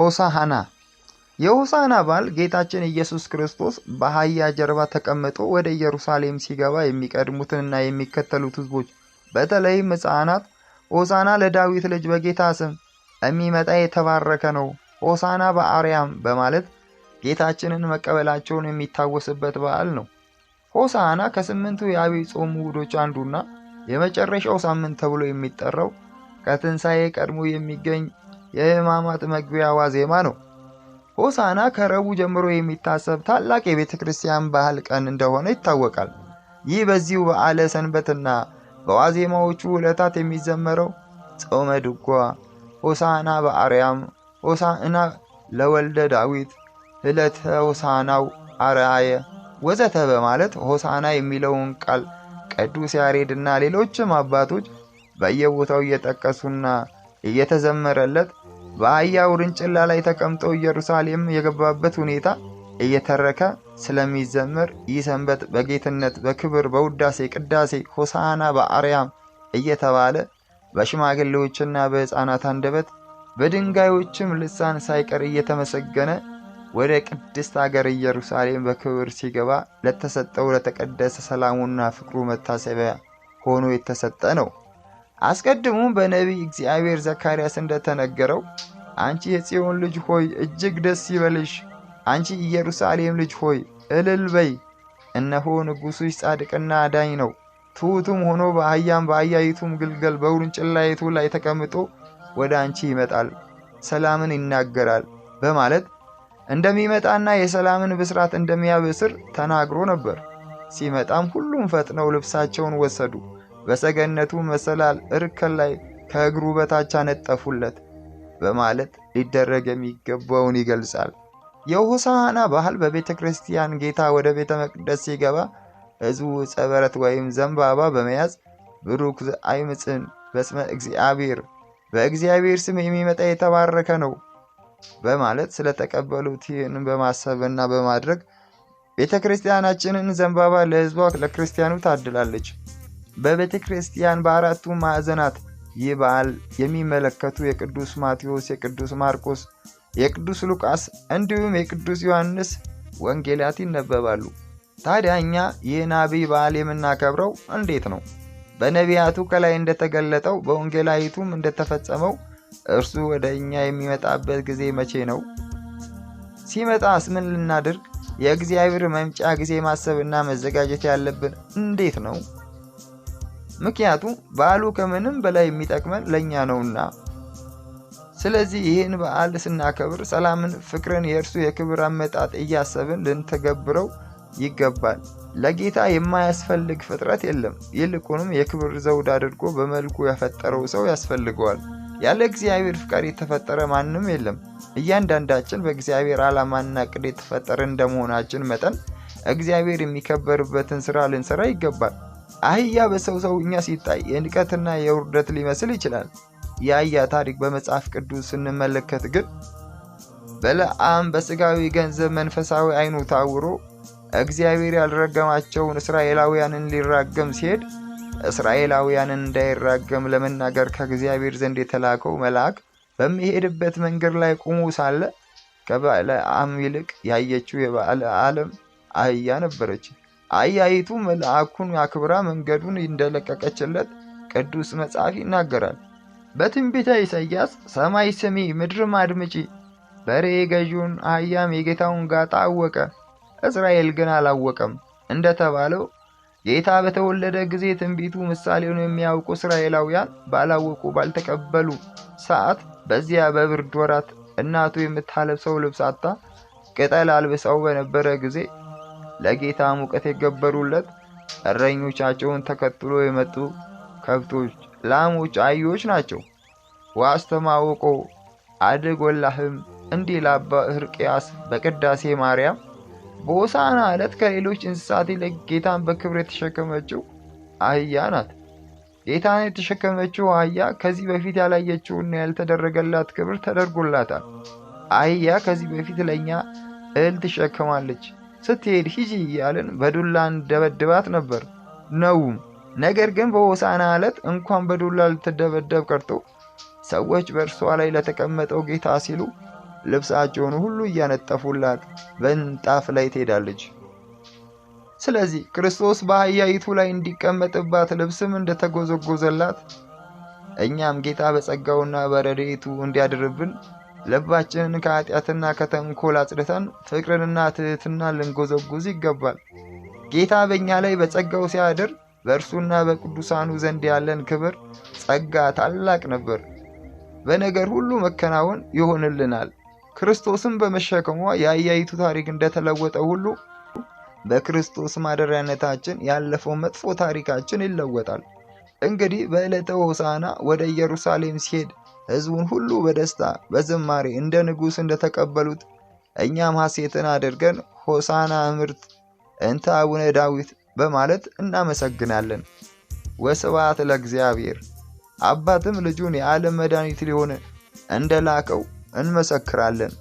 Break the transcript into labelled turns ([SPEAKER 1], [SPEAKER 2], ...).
[SPEAKER 1] ሆሳሃና የሆሳዕና በዓል ጌታችን ኢየሱስ ክርስቶስ በአህያ ጀርባ ተቀምጦ ወደ ኢየሩሳሌም ሲገባ የሚቀድሙትንና የሚከተሉት ህዝቦች በተለይም ሕፃናት ሆሳና ለዳዊት ልጅ በጌታ ስም የሚመጣ የተባረከ ነው፣ ሆሳና በአርያም በማለት ጌታችንን መቀበላቸውን የሚታወስበት በዓል ነው። ሆሳና ከስምንቱ የአብይ ጾም እሁዶች አንዱና የመጨረሻው ሳምንት ተብሎ የሚጠራው ከትንሣኤ ቀድሞ የሚገኝ የሕማማት መግቢያ ዋዜማ ነው። ሆሳና ከረቡ ጀምሮ የሚታሰብ ታላቅ የቤተ ክርስቲያን ባህል ቀን እንደሆነ ይታወቃል። ይህ በዚሁ በዓለ ሰንበትና በዋዜማዎቹ ዕለታት የሚዘመረው ጾመ ድጓ፣ ሆሳና በአርያም፣ ሆሳዕና ለወልደ ዳዊት፣ ዕለተ ሆሳናው አርአየ ወዘተ በማለት ሆሳና የሚለውን ቃል ቅዱስ ያሬድና ሌሎችም አባቶች በየቦታው እየጠቀሱና እየተዘመረለት በአህያ ውርንጭላ ላይ ተቀምጦ ኢየሩሳሌም የገባበት ሁኔታ እየተረከ ስለሚዘመር ይህ ሰንበት በጌትነት በክብር በውዳሴ ቅዳሴ ሆሳና በአርያም እየተባለ በሽማግሌዎችና በሕፃናት አንደበት በድንጋዮችም ልሳን ሳይቀር እየተመሰገነ ወደ ቅድስት አገር ኢየሩሳሌም በክብር ሲገባ ለተሰጠው ለተቀደሰ ሰላሙና ፍቅሩ መታሰቢያ ሆኖ የተሰጠ ነው። አስቀድሞ በነቢይ እግዚአብሔር ዘካርያስ እንደተነገረው አንቺ የጽዮን ልጅ ሆይ እጅግ ደስ ይበልሽ፣ አንቺ ኢየሩሳሌም ልጅ ሆይ እልል በይ፣ እነሆ ንጉሡሽ ጻድቅና አዳኝ ነው፣ ትሑትም ሆኖ በአህያም በአህያይቱም ግልገል በውርንጭላይቱ ላይ ተቀምጦ ወደ አንቺ ይመጣል፣ ሰላምን ይናገራል በማለት እንደሚመጣና የሰላምን ብስራት እንደሚያበስር ተናግሮ ነበር። ሲመጣም ሁሉም ፈጥነው ልብሳቸውን ወሰዱ። በሰገነቱ መሰላል እርከን ላይ ከእግሩ በታች አነጠፉለት በማለት ሊደረግ የሚገባውን ይገልጻል። የሆሳዕና ባህል በቤተ ክርስቲያን ጌታ ወደ ቤተ መቅደስ ሲገባ ሕዝቡ ጸበረት ወይም ዘንባባ በመያዝ ብሩክ አይምፅን በስመ እግዚአብሔር በእግዚአብሔር ስም የሚመጣ የተባረከ ነው በማለት ስለተቀበሉት ይህን በማሰብና በማድረግ ቤተ ክርስቲያናችንን ዘንባባ ለሕዝቧ ለክርስቲያኑ ታድላለች። በቤተ ክርስቲያን በአራቱ ማዕዘናት ይህ በዓል የሚመለከቱ የቅዱስ ማቴዎስ፣ የቅዱስ ማርቆስ፣ የቅዱስ ሉቃስ እንዲሁም የቅዱስ ዮሐንስ ወንጌላት ይነበባሉ። ታዲያ እኛ ይህን አብይ በዓል የምናከብረው እንዴት ነው? በነቢያቱ ከላይ እንደተገለጠው በወንጌላዊቱም እንደተፈጸመው እርሱ ወደ እኛ የሚመጣበት ጊዜ መቼ ነው? ሲመጣስ ምን ልናድርግ? የእግዚአብሔር መምጫ ጊዜ ማሰብና መዘጋጀት ያለብን እንዴት ነው? ምክንያቱም በዓሉ ከምንም በላይ የሚጠቅመን ለእኛ ነውና። ስለዚህ ይህን በዓል ስናከብር ሰላምን፣ ፍቅርን፣ የእርሱ የክብር አመጣጥ እያሰብን ልንተገብረው ይገባል። ለጌታ የማያስፈልግ ፍጥረት የለም። ይልቁንም የክብር ዘውድ አድርጎ በመልኩ ያፈጠረው ሰው ያስፈልገዋል። ያለ እግዚአብሔር ፍቃድ የተፈጠረ ማንም የለም። እያንዳንዳችን በእግዚአብሔር ዓላማና ቅድ የተፈጠረ እንደመሆናችን መጠን እግዚአብሔር የሚከበርበትን ስራ ልንሰራ ይገባል። አህያ በሰው ሰውኛ ሲታይ የንቀትና የውርደት ሊመስል ይችላል። የአህያ ታሪክ በመጽሐፍ ቅዱስ ስንመለከት ግን በለዓም በስጋዊ ገንዘብ መንፈሳዊ አይኑ ታውሮ እግዚአብሔር ያልረገማቸውን እስራኤላውያንን ሊራገም ሲሄድ እስራኤላውያንን እንዳይራገም ለመናገር ከእግዚአብሔር ዘንድ የተላከው መልአክ በሚሄድበት መንገድ ላይ ቆሞ ሳለ ከበለዓም ይልቅ ያየችው የበዓለ ዓለም አህያ ነበረች። አህያይቱ መልአኩን አክብራ መንገዱን እንደለቀቀችለት ቅዱስ መጽሐፍ ይናገራል። በትንቢተ ኢሳይያስ ሰማይ ስሚ፣ ምድርም አድምጪ፣ በሬ ገዢውን አህያም የጌታውን ጋጣ አወቀ፣ እስራኤል ግን አላወቀም እንደተባለው ጌታ በተወለደ ጊዜ ትንቢቱ ምሳሌውን የሚያውቁ እስራኤላውያን ባላወቁ ባልተቀበሉ ሰዓት በዚያ በብርድ ወራት እናቱ የምታለብሰው ልብስ ቅጠል አልብሰው በነበረ ጊዜ ለጌታ ሙቀት የገበሩለት እረኞቻቸውን ተከትሎ የመጡ ከብቶች፣ ላሞች፣ አህዮች ናቸው። ዋስተማውቆ አደጎላህም እንዲህ ለአባ ሕርቅያስ በቅዳሴ ማርያም በሆሳዕና ዕለት ከሌሎች እንስሳት ይልቅ ጌታን በክብር የተሸከመችው አህያ ናት። ጌታን የተሸከመችው አህያ ከዚህ በፊት ያላየችውና ያልተደረገላት ክብር ተደርጎላታል። አህያ ከዚህ በፊት ለእኛ እህል ትሸከማለች። ስትሄድ ሂጂ እያልን በዱላ እንደበድባት ነበር ነውም። ነገር ግን በሆሳና ዕለት እንኳን በዱላ ልትደበደብ ቀርቶ ሰዎች በእርሷ ላይ ለተቀመጠው ጌታ ሲሉ ልብሳቸውን ሁሉ እያነጠፉላት በንጣፍ ላይ ትሄዳለች። ስለዚህ ክርስቶስ በአህያይቱ ላይ እንዲቀመጥባት ልብስም እንደተጎዘጎዘላት እኛም ጌታ በጸጋውና በረድኤቱ እንዲያድርብን ልባችንን ከኃጢአትና ከተንኮል አጽድተን ፍቅርንና ትህትና ልንጎዘጉዝ ይገባል። ጌታ በእኛ ላይ በጸጋው ሲያድር በእርሱና በቅዱሳኑ ዘንድ ያለን ክብር ጸጋ ታላቅ ነበር። በነገር ሁሉ መከናወን ይሆንልናል። ክርስቶስም በመሸከሟ የአያይቱ ታሪክ እንደተለወጠ ሁሉ በክርስቶስ ማደሪያነታችን ያለፈው መጥፎ ታሪካችን ይለወጣል። እንግዲህ በዕለተ ሆሳዕና ወደ ኢየሩሳሌም ሲሄድ ሕዝቡን ሁሉ በደስታ በዝማሬ እንደ ንጉሥ እንደተቀበሉት እኛም ሐሴትን አድርገን ሆሳና ምርት እንተ አቡነ ዳዊት በማለት እናመሰግናለን። ወስብሐት ለእግዚአብሔር። አባትም ልጁን የዓለም መድኃኒት ሊሆን እንደላከው እንመሰክራለን።